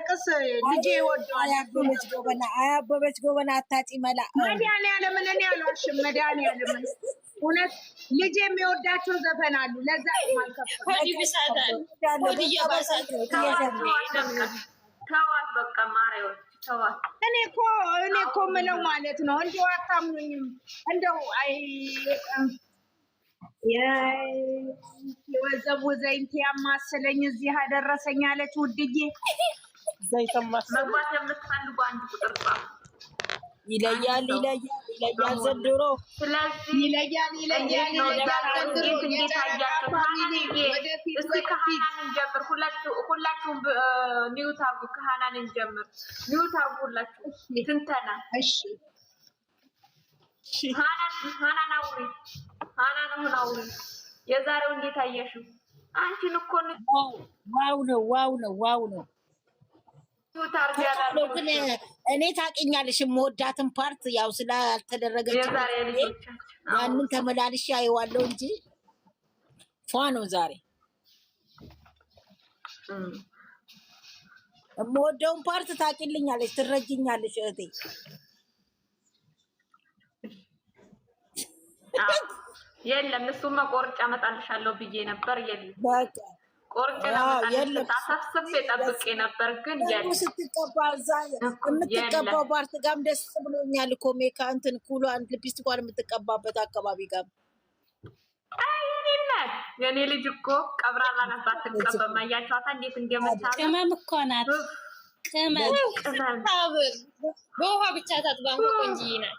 ሲያለቅስ ልጄ ይወደዋል። አበበች ጎበና አበበች ጎበና አታጪ መላ መድኃኒዓለምን እኔ አልዋሽም። መድኃኒዓለምን እውነት ልጄ የሚወዳቸው ዘፈን አሉ። ለዛ ተዋት በቃ ማርያም ተዋት። እኔ እኮ እኔ እኮ የምለው ማለት ነው እንደው አታምኑኝም እንደው አይ የወዘቡ ዘይንት ያማስለኝ እዚህ አደረሰኝ አለች ውድዬ መግባት የምትፈልጉ አንድ ቁጥር ጻፉ። ይለያል ይለያል ይለያል ዘንድሮ። ሁላችሁም ኒውት አርጉ። ከሀናን እንጀምር። ኒውት አርጉ ሁላችሁ። ትንተና ሀናን አውሪ። ሀናን አሁን አውሪ። የዛሬው እንዴት አየሽው? አንቺን እኮ ዋው ነው ዋው ነው ዋው ነው ግን እኔ ታውቂኛለሽ የምወዳትን ፓርት ያው ስላልተደረገች ያንን ተመላልሼ አየዋለሁ እንጂ ፏ ነው ዛሬ የምወደውን ፓርት ታውቂልኛለሽ፣ ትረጅኛለሽ እህቴ። የለም እሱማ ቆርጬ አመጣልሻለሁ ብዬ ነበር የለም ቁርጭ ሳሳስብ የጠብቄ ነበር ግን ስትቀባ የምትቀባው ፓርት ጋርም ደስ ብሎኛል እኮ ሜካ እንትን ኩሎ አንድ ሊፕስቲክ እንኳን የምትቀባበት አካባቢ ጋር የኔ ልጅ እኮ ቀብራራ ናት ባትቀበማ እያቸዋታ እንዴት እንደምታ ቅመም እኮ ናት ቅመም ቅመም በውሃ ብቻ ታጥባ ቆንጅዬ ናት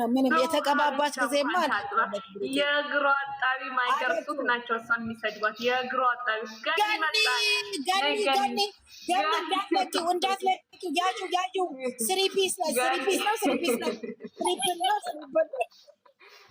ነው ምንም የተቀባባት ጊዜማ የእግሯ አጣቢ ማይገርሱት ናቸው። እሷን የሚሰድባት የእግሯ አጣቢ ገኒገኒገኒገኒዳለቂው እንዳትለቂው ያዩ ያዩ ስሪፒስ ነው ስሪፒስ ነው ስሪፒስ ነው ስሪፕል ነው ነው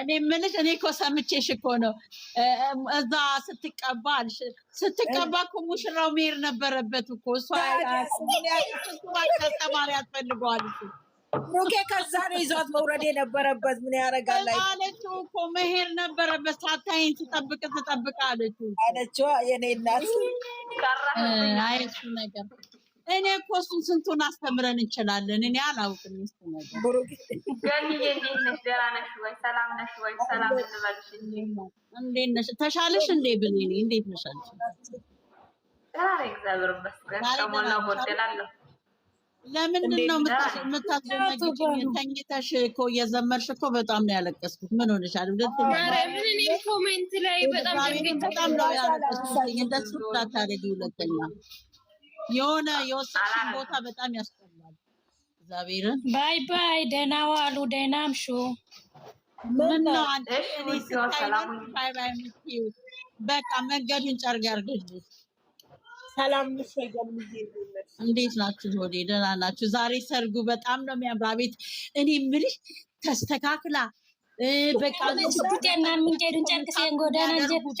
እኔ የምልሽ እኔ እኮ ሰምቼሽ እኮ ነው። እዛ ስትቀባ ስትቀባ እኮ ሙሽራው መሄድ ነበረበት እኮ እሷ ተማሪ ያስፈልገዋል ሩኬ ከዛ ነው ይዟት መውረድ የነበረበት። ምን ያደርጋል አለችው እኮ መሄድ ነበረበት። ሳታይን ትጠብቅ ስጠብቅ አለችው አለችዋ የኔ እናት ቀራ ነገር እኔ እኮ እሱን ስንቱን አስተምረን እንችላለን። እኔ አላውቅም። ስ እንዴት ነሽ? ተሻለሽ እንዴ? ብል እንዴት ነሻለሽ? ለምንድን ነው የምታስደነግጭኝ? ተኝተሽ እኮ እየዘመርሽ እኮ በጣም ነው ያለቀስኩት። ምን ሆነሻል? ኮሜንት ላይ በጣም ነው ያለቀስኩት። እንደሱ እንዳታደርጊ ሁለተኛ የሆነ የወሰድሽን ቦታ በጣም ያስጠላል። እግዚአብሔርን ባይ ባይ። ደህና ዋሉ፣ ደህና አምሹ። በቃ መንገዱን ጨርግ ያርግልሽ። እንዴት ናችሁ? ወዴ ደህና ናችሁ? ዛሬ ሰርጉ በጣም ነው የሚያምራ ቤት። እኔ የምልሽ ተስተካክላ በቃ ና ምንጀዱን ጨርቅ ሲንጎዳና ጀብቴ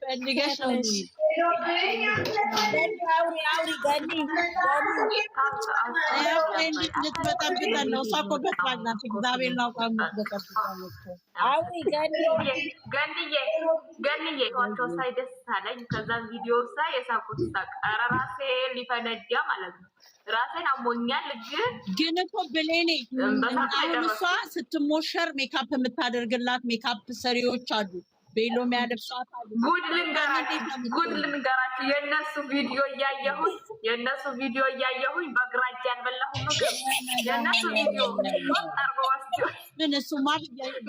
ፈልገሽ ነው ነው። እሷ እኮ ናት። እግዚአብሔር ገንዬ ሳይ ደስ አለኝ። ከዛም ቪዲዮ ሳይ የሳቁት ራሴ ሊፈነዳ ማለት ነው። ራሴን አሞኛል። ግን እኮ ብሌኔ አሁን እሷ ስትሞሸር ሜካፕ የምታደርግላት ሜካፕ ሰሪዎች አሉ ቤሎ የሚያለብሷት ጉድ ልንገራችሁ። የእነሱ ቪዲዮ እያየሁኝ የእነሱ ቪዲዮ እያየሁኝ በግራ እጄ ያልበላሁ ምግብ ቪዲዮ ምን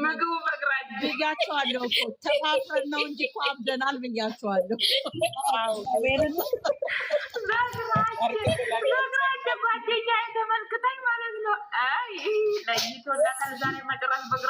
ምግቡ በግራ እጄ ብያቸዋለሁ እኮ ተፋፍረን ነው እንጂ እኮ አብደናል ብያቸዋለሁ። ጓደኛ የተመልክተኝ ማለት ነው ለይቶ ዛሬ መቅረት በግራ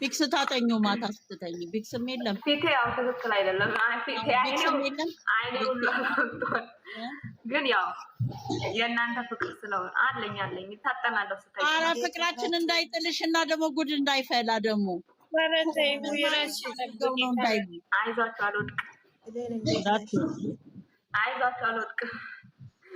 ቢክስ ታጠኙ ማታ ስትተኝ ቢክስም የለም ፊቴ ያው ትክክል አይደለም። ግን ያው የእናንተ ፍቅር ስለሆነ አለኝ አለኝ ታጠናለሁ ስታይ ኧረ ፍቅራችን እንዳይጥልሽ እና ደግሞ ጉድ እንዳይፈላ ደግሞ አይዟቸው አልወድቅም፣ አይዟቸው አልወድቅም።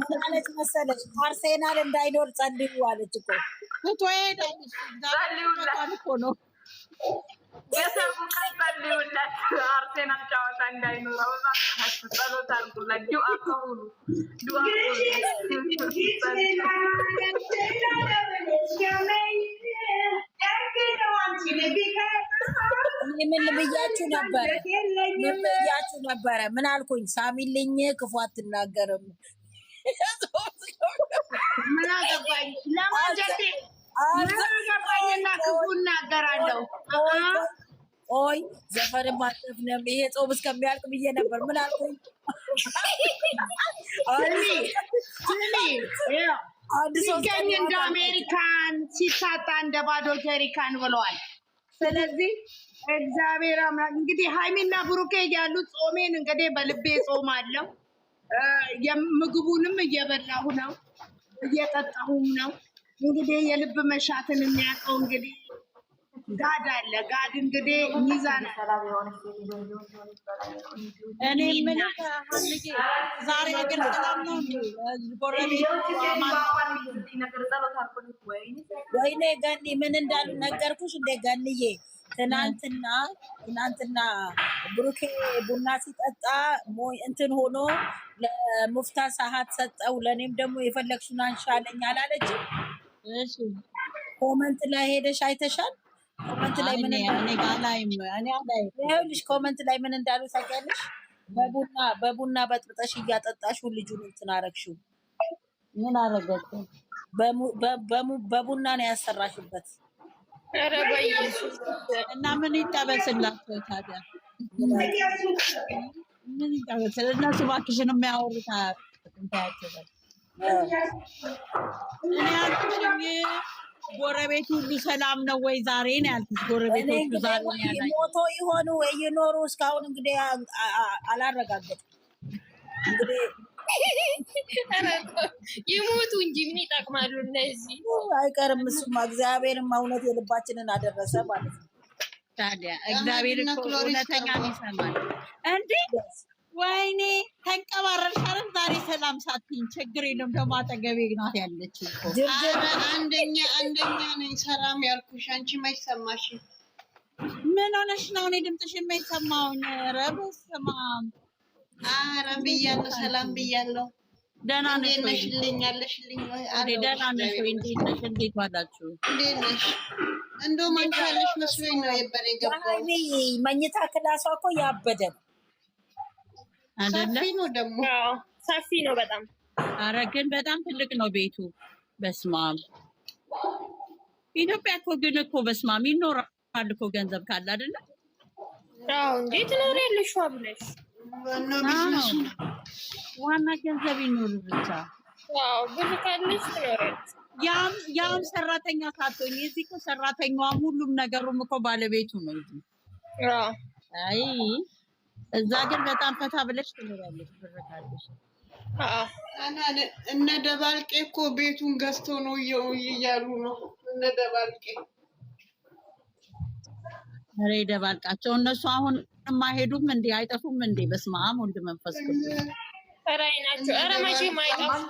ምናለች መሰለች አርሴናል እንዳይኖር ጸልዩ አለች እኮ ነው አርሴናል ጨዋታ እንዳይኖር ጸሎት አድርጉላት። ዱአ ምን ብያችሁ ነበረ? ምን ብያችሁ ነበረ? ምን አልኩኝ? ሳሚልኝ ክፉ አትናገርም። ምን አገባኝ? ለማንጀቴ ክፉ እናገራለሁ። ቆይ ዘፈንም አትፍንም። ይሄ ጾም እስከሚያልቅ ብዬ ነበር። ምን አልኩኝ? ሲገኝ እንደ አሜሪካን ሲሳጣ እንደ ባዶ ጀሪካን ብለዋል። ስለዚህ እግዚአብሔር አምላክ እንግዲህ ሀይሚና ብሩኬ ያሉት ጾሜን እንግዲህ በልቤ ጾም አለው። ምግቡንም እየበላሁ ነው፣ እየጠጣሁም ነው። እንግዲህ የልብ መሻትን የሚያውቀው እንግዲህ ጋድ አለ። ጋድ እንግዲህ ሚዛን እኔ ምን ዛሬ ግን ሰላም ነው። ወይኔ ገኒ ምን እንዳሉ ነገርኩሽ። እንደ ገንዬ ትናንትና ትናንትና ብሩኬ ቡና ሲጠጣ እንትን ሆኖ ለሙፍታ ሰዓት ሰጠው። ለእኔም ደግሞ የፈለግሽውን አንሻለኝ አላለችም። ኮመንት ላይ ሄደሽ አይተሻል። ኮመንት ላይ ምን ይኸውልሽ፣ ኮመንት ላይ ምን እንዳሉ ታውቂያለሽ? በቡና በቡና በጥብጠሽ እያጠጣሽው ልጁን እንትን አረግሽው። ምን አረገች? በቡና ነው ያሰራሽበት። እና ምን ይጠበስላቸው ታዲያ? ምን ይጠበስል? እነሱ እባክሽን የሚያወሩት ታያቸው። እኔ አልኩሽ ጎረቤቱ ሁሉ ሰላም ነው ወይ? ዛሬ ነው ያልኩት። ጎረቤቱ ሁሉ ዛሬ ሞቶ ይሆኑ ወይ ይኖሩ እስካሁን እንግዲህ አላረጋገጥኩም። ይሞቱ እንጂ ምን ይጠቅማሉ እነዚህ? አይቀርም እሱማ። እግዚአብሔርም እውነት የልባችንን አደረሰ ማለት ነው። ታዲያ እግዚአብሔር እውነተኛ ይሰማል እንዴ ወይኔ ተንቀባረርሽ አይደል? ዛሬ ሰላም ሳትኝ ችግር የለም። ደግሞ አጠገቤ ናት ያለች አንደኛ አንደኛ ነኝ። ሰላም ያልኩሽ አንቺ ማይሰማሽ ምን ሆነሽ ነው? እኔ ድምፅሽ የማይሰማውኝ ረብስ ስማ አረ ብያለሁ፣ ሰላም ብያለሁ። ደህና ነሽልኝ? አለሽልኝ? ደህና ነሽ? እንዴት ነሽ? እንዴት ዋላችሁ? እንዴት ነሽ? እንደውም አንቺ ያለሽ መስሎኝ ነው የበረ ገባ መኝታ ክላሷ እኮ ያበደ ነው ሰፊ ነው ደግሞ ሰፊ ነው በጣም አረ ግን በጣም ትልቅ ነው ቤቱ። በስማም ኢትዮጵያ እኮ ግን እኮ በስማም ይኖራል እኮ ገንዘብ ካለ አይደለ? እንዴት ኖር ትኖሪያለሽ ብለሽ ዋና ገንዘብ ይኖር ብቻ። ብዙ ካለሽ ትኖሪያለሽ። ያም ሰራተኛ ካቶኝ እዚህ እኮ ሰራተኛዋም ሁሉም ነገሩም እኮ ባለቤቱ ነው። አይ እዛ ግን በጣም ፈታ ብለሽ ትኖራለች። ብረታለች እነ ደባልቄ እኮ ቤቱን ገዝቶ ነው እየው እያሉ ነው እነ ደባልቄ። ኧረ ደባልቃቸው እነሱ አሁን የማይሄዱም እንዴ አይጠፉም እንዴ? በስመ አብ ወልድ መንፈስ ቅዱስ ራይ ናቸው። ኧረ መቼም አይጠፉም